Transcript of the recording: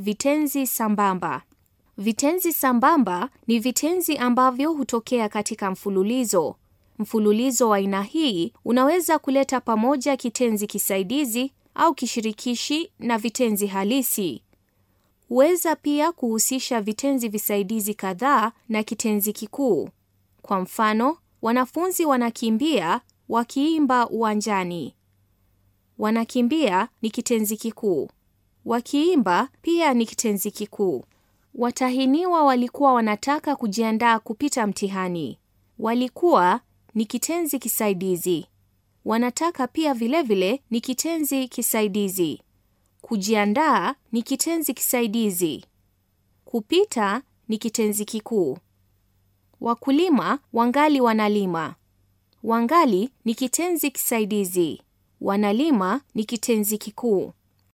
Vitenzi sambamba. Vitenzi sambamba ni vitenzi ambavyo hutokea katika mfululizo. Mfululizo wa aina hii unaweza kuleta pamoja kitenzi kisaidizi au kishirikishi na vitenzi halisi. Huweza pia kuhusisha vitenzi visaidizi kadhaa na kitenzi kikuu. Kwa mfano, wanafunzi wanakimbia wakiimba uwanjani. Wanakimbia ni kitenzi kikuu. Wakiimba pia ni kitenzi kikuu. Watahiniwa walikuwa wanataka kujiandaa kupita mtihani. Walikuwa ni kitenzi kisaidizi. Wanataka pia vilevile vile ni kitenzi kisaidizi. Kujiandaa ni kitenzi kisaidizi. Kupita ni kitenzi kikuu. Wakulima wangali wanalima. Wangali ni kitenzi kisaidizi. Wanalima ni kitenzi kikuu.